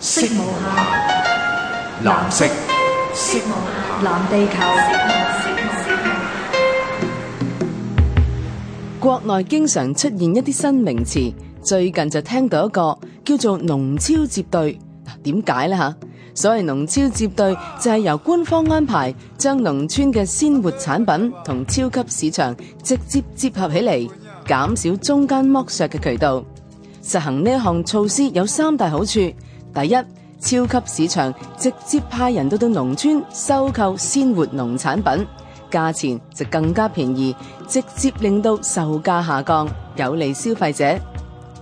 色無限，藍色，色無限，藍地球。國內經常出現一啲新名詞，最近就聽到一個叫做“農超接對”，嗱，點解呢？吓，所謂“農超接對”，就係由官方安排，將農村嘅鮮活產品同超級市場直接接合起嚟，減少中間剝削嘅渠道。實行呢一項措施有三大好處。第一，超級市場直接派人到到農村收購鮮活農產品，價錢就更加便宜，直接令到售價下降，有利消費者。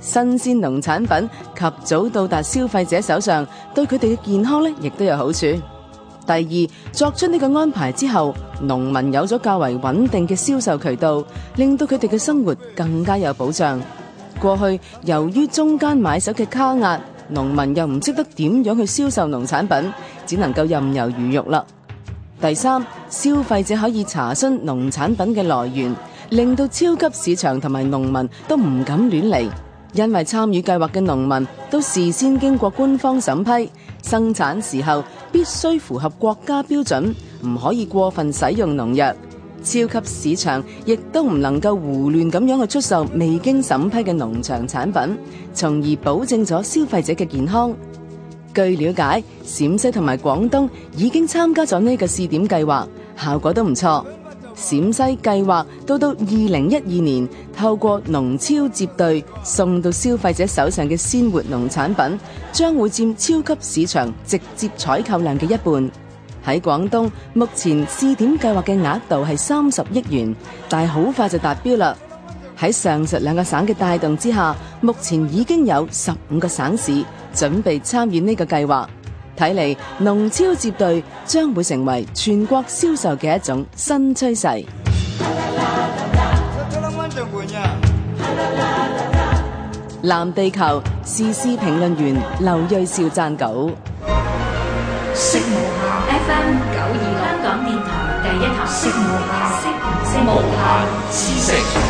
新鮮農產品及早到達消費者手上，對佢哋嘅健康咧亦都有好處。第二，作出呢個安排之後，農民有咗較為穩定嘅銷售渠道，令到佢哋嘅生活更加有保障。過去由於中間買手嘅卡壓。農民又唔識得點樣去銷售農產品，只能夠任由魚肉啦。第三，消費者可以查詢農產品嘅來源，令到超級市場同埋農民都唔敢亂嚟，因為參與計劃嘅農民都事先經過官方審批，生產時候必須符合國家標準，唔可以過分使用農藥。超級市場亦都唔能夠胡亂咁樣去出售未經審批嘅農場產品，從而保證咗消費者嘅健康。據了解，陝西同埋廣東已經參加咗呢個試點計劃，效果都唔錯。陝西計劃到到二零一二年，透過農超接對，送到消費者手上嘅鮮活農產品，將會佔超級市場直接採購量嘅一半。喺廣東，目前試點計劃嘅額度係三十億元，但係好快就達標啦。喺上述兩個省嘅帶動之下，目前已經有十五個省市準備參與呢個計劃。睇嚟，農超接隊將會成為全國銷售嘅一種新趨勢。藍地球時事評論員劉銳紹撰稿。FM 92香港電台第一台，識無限，識無限，無限